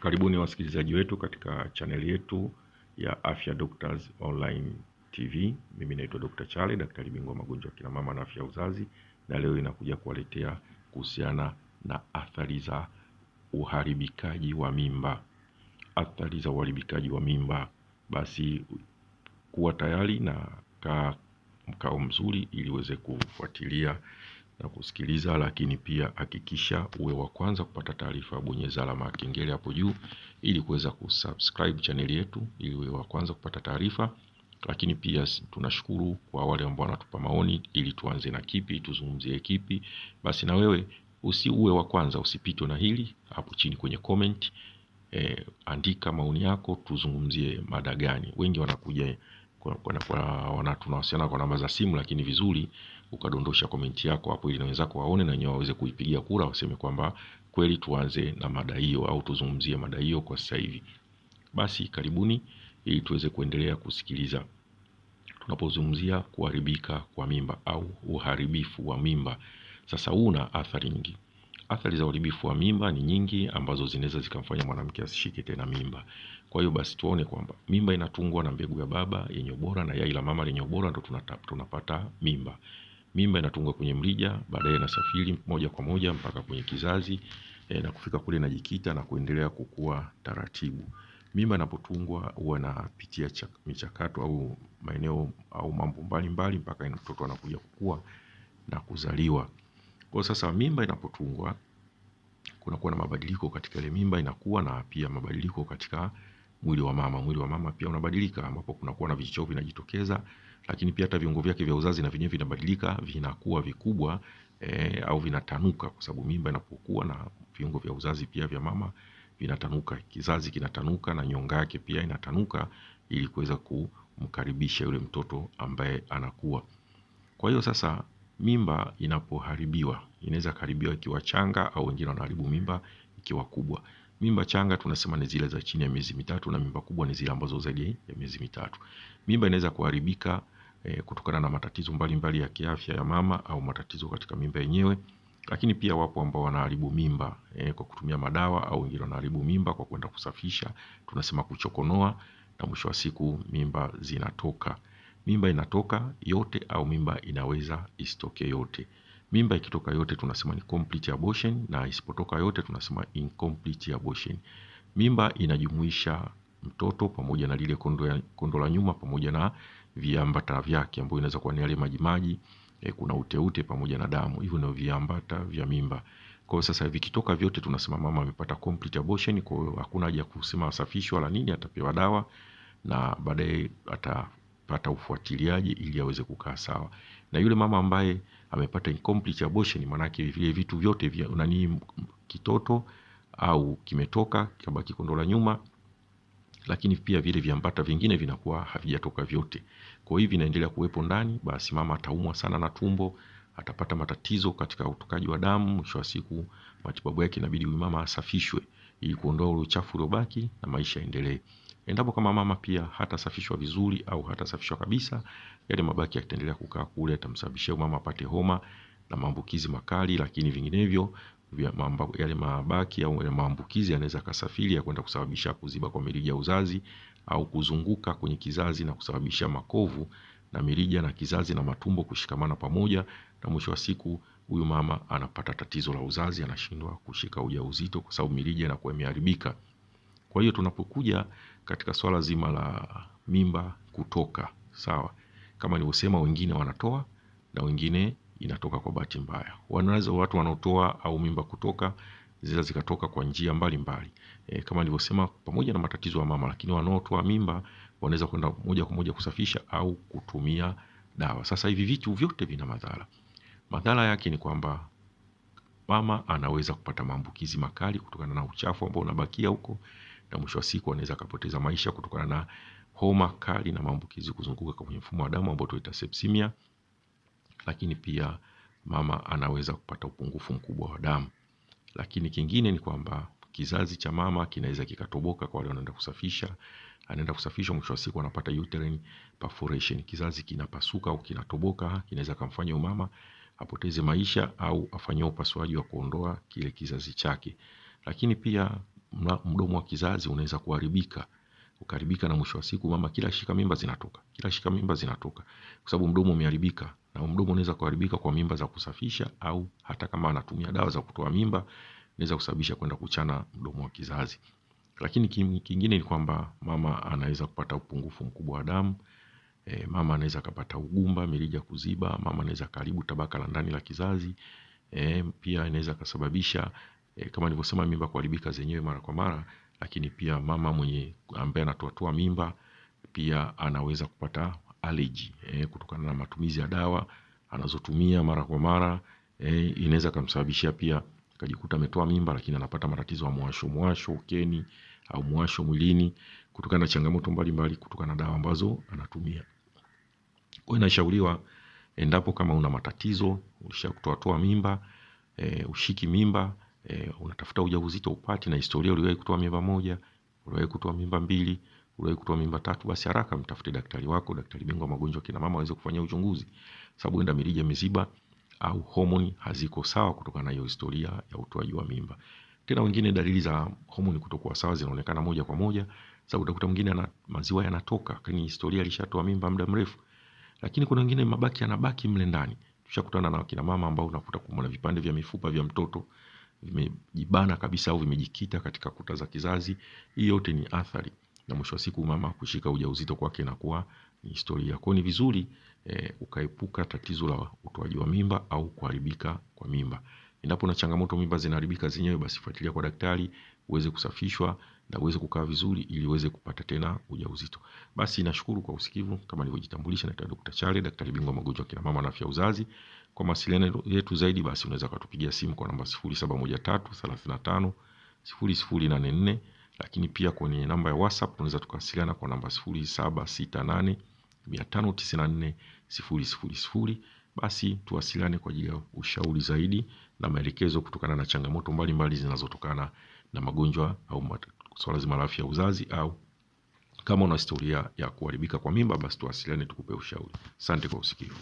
Karibuni wasikilizaji wetu katika chaneli yetu ya Afya Doctors Online TV. Mimi naitwa Dr. Chale, daktari bingwa magonjwa ya kina mama na afya uzazi, na leo inakuja kuwaletea kuhusiana na athari za uharibikaji wa mimba. Athari za uharibikaji wa mimba, basi kuwa tayari na kaa mkao mzuri ili uweze kufuatilia na kusikiliza, lakini pia hakikisha uwe wa kwanza kupata taarifa. Bonyeza alama ya kengele hapo juu ili kuweza kusubscribe chaneli yetu ili uwe wa kwanza kupata taarifa. Lakini pia tunashukuru kwa wale ambao wanatupa maoni ili tuanze na kipi, tuzungumzie kipi. Basi na wewe usi uwe wa kwanza, usipitwe na hili. Hapo chini kwenye comment eh, andika maoni yako, tuzungumzie mada gani. Wengi wanakuja kwa, kwa, kwa, wana tunawasiliana kwa namba za simu, lakini vizuri ukadondosha komenti yako hapo, ili na wenzako waone na wenyewe waweze kuipigia kura, waseme kwamba kweli tuanze na mada hiyo au tuzungumzie mada hiyo kwa sasa hivi. Basi karibuni, ili tuweze kuendelea kusikiliza tunapozungumzia kuharibika kwa mimba au uharibifu wa mimba. Sasa huu una athari nyingi. Athari za uharibifu wa mimba ni nyingi, ambazo zinaweza zikamfanya mwanamke asishike tena mimba. Kwa hiyo basi tuone kwamba mimba inatungwa na mbegu ya baba yenye ubora na yai la mama lenye ubora, ndo tunapata mimba. Mimba inatungwa kwenye mrija, baadaye inasafiri moja kwa moja mpaka kwenye kizazi e, na kufika kule inajikita na kuendelea kukua taratibu. Mimba inapotungwa huwa inapitia michakato au maeneo au mambo mbalimbali mpaka mtoto anakuja kukua na kuzaliwa. Kwa sasa mimba inapotungwa kunakuwa na mabadiliko katika ile mimba inakuwa na pia mabadiliko katika mwili wa mama. Mwili wa mama pia unabadilika ambapo kunakuwa na vichocheo vinajitokeza lakini pia hata viungo vyake vya uzazi na vyenyewe vinabadilika, vinakuwa vikubwa e, au vinatanuka, kwa sababu mimba inapokuwa na viungo vya uzazi pia vya mama vinatanuka, kizazi kinatanuka na nyonga yake pia inatanuka, ili kuweza kumkaribisha yule mtoto ambaye anakuwa. Kwa hiyo sasa mimba inapoharibiwa inaweza karibiwa ikiwa changa au wengine wanaharibu mimba ikiwa kubwa. Mimba changa tunasema ni zile za chini ya miezi mitatu, na mimba kubwa ni zile ambazo zaidi ya miezi mitatu. Mimba inaweza kuharibika e, kutokana na matatizo mbalimbali mbali ya kiafya ya mama au matatizo katika mimba yenyewe. Lakini pia wapo ambao wanaharibu mimba e, kwa kutumia madawa au wengine wanaharibu mimba kwa kwenda kusafisha, tunasema kuchokonoa, na mwisho wa siku mimba zinatoka. Mimba inatoka yote au mimba inaweza isitoke yote. Mimba ikitoka yote tunasema ni complete abortion, na isipotoka yote tunasema incomplete abortion. Mimba inajumuisha mtoto pamoja na lile kondo, la nyuma pamoja na viambata vyake ambayo inaweza kuwa ni yale majimaji e, kuna uteute pamoja na damu. Hivyo ndio viambata vya mimba. Kwa hiyo sasa vikitoka vyote tunasema mama amepata complete abortion. Kwa hiyo hakuna haja kusema asafishwe wala nini, atapewa dawa na baadaye atapata ufuatiliaji ili aweze kukaa sawa. Na yule mama ambaye amepata incomplete abortion, maanake vile vitu vyote vya nani, kitoto au kimetoka kabaki kondo la nyuma lakini pia vile viambata vingine vinakuwa havijatoka vyote. Kwa hiyo vinaendelea kuwepo ndani, basi mama ataumwa sana na tumbo, atapata matatizo katika utokaji wa damu. Mwisho wa siku, matibabu yake inabidi huyu mama asafishwe ili kuondoa ule uchafu uliobaki na maisha yaendelee. Endapo kama mama pia hatasafishwa vizuri au hatasafishwa kabisa, yale mabaki yataendelea kukaa kule, atamsababishia mama apate homa na maambukizi makali, lakini vinginevyo yale mabaki au ya maambukizi yanaweza kasafiri ya kwenda kusababisha kuziba kwa mirija ya uzazi au kuzunguka kwenye kizazi na kusababisha makovu na mirija na kizazi na matumbo kushikamana pamoja na mwisho wa siku huyu mama anapata tatizo la uzazi anashindwa kushika ujauzito kwa sababu mirija inakuwa imeharibika kwa hiyo tunapokuja katika swala zima la mimba kutoka sawa kama nilivyosema wengine wanatoa na wengine inatoka kwa bahati mbaya. Wanaweza watu wanaotoa au mimba kutoka zile zikatoka kwa njia mbalimbali mbali. E, kama nilivyosema pamoja na matatizo ya mama, lakini wanaotoa mimba wanaweza kwenda moja kwa moja kusafisha au kutumia dawa. Sasa hivi vitu vyote vina madhara. Madhara yake ni kwamba mama anaweza kupata maambukizi makali kutokana na uchafu ambao unabakia huko, na mwisho wa siku anaweza akapoteza maisha kutokana na homa kali na maambukizi kuzunguka kwenye mfumo wa damu ambao tunaita sepsimia lakini pia mama anaweza kupata upungufu mkubwa wa damu. Lakini kingine ni kwamba kizazi cha mama kinaweza kikatoboka kwa wale wanaenda kusafisha, anaenda kusafisha, mwisho wa siku anapata uterine perforation, kizazi kinapasuka au kinatoboka, kinaweza kumfanya mama apoteze maisha au afanyiwe upasuaji wa kuondoa kile kizazi chake. Lakini pia mdomo wa kizazi unaweza kuharibika ukaribika na mwisho wa siku mama kila shika mimba zinatoka kila shika mimba zinatoka kwa sababu mdomo umeharibika na mdomo unaweza kuharibika kwa mimba za kusafisha au hata kama anatumia dawa za kutoa mimba inaweza kusababisha kwenda kuchana mdomo wa kizazi lakini kingine ni kwamba mama anaweza kupata upungufu mkubwa wa damu e, mama anaweza kupata ugumba mirija kuziba mama anaweza karibu tabaka la ndani la kizazi e, pia inaweza kusababisha e, kama nilivyosema mimba kuharibika zenyewe mara kwa mara lakini pia mama mwenye ambaye anatoa mimba pia anaweza kupata allergy eh, kutokana na matumizi ya dawa anazotumia mara kwa mara eh, inaweza kumsababishia pia akajikuta ametoa mimba, lakini anapata matatizo ya mwasho mwasho ukeni au mwasho mwilini kutokana na changamoto mbalimbali kutokana na dawa ambazo anatumia. Kwa hiyo inashauriwa endapo kama una matatizo toa mimba e, ushiki mimba e, unatafuta ujauzito upati na historia uliwahi kutoa mimba moja, uliwahi kutoa mimba mbili, uliwahi kutoa mimba tatu, basi haraka mtafute daktari wako, daktari bingwa wa magonjwa kina mama aweze kufanya uchunguzi, sababu enda mirija miziba au homoni haziko sawa kutokana na hiyo historia ya utoaji wa mimba. Tena wengine dalili za homoni kutokuwa sawa zinaonekana moja kwa moja, sababu utakuta mwingine ana maziwa yanatoka, lakini historia alishatoa mimba muda mrefu. Lakini kuna wengine mabaki yanabaki mle ndani. Tushakutana na kina mama ambao unakuta kuna vipande vya mifupa vya mtoto vimejibana kabisa au vimejikita katika kuta za kizazi. Hii yote ni athari na mwisho wa siku mama kushika ujauzito kwake inakuwa ni historia. Kwa ni vizuri e, ukaepuka tatizo la utoaji wa mimba au kuharibika kwa mimba. Endapo na changamoto mimba zinaharibika zenyewe, basi fuatilia kwa daktari uweze kusafishwa na uweze kukaa vizuri ili uweze kupata tena ujauzito. Basi nashukuru kwa usikivu. Kama nilivyojitambulisha, naitwa Dr. Chale, daktari bingwa magonjwa kina mama na afya uzazi. Kwa mawasiliano yetu zaidi, basi unaweza kutupigia simu kwa namba 0713 35 0084 lakini pia kwenye namba ya WhatsApp tunaweza tukawasiliana kwa namba 0768594000. Basi tuwasiliane kwa ajili ya ushauri zaidi na maelekezo kutokana na changamoto mbalimbali zinazotokana na magonjwa au swala zima la afya ya uzazi au kama una historia ya kuharibika kwa mimba, basi tuwasiliane tukupe ushauri. Asante kwa usikivu.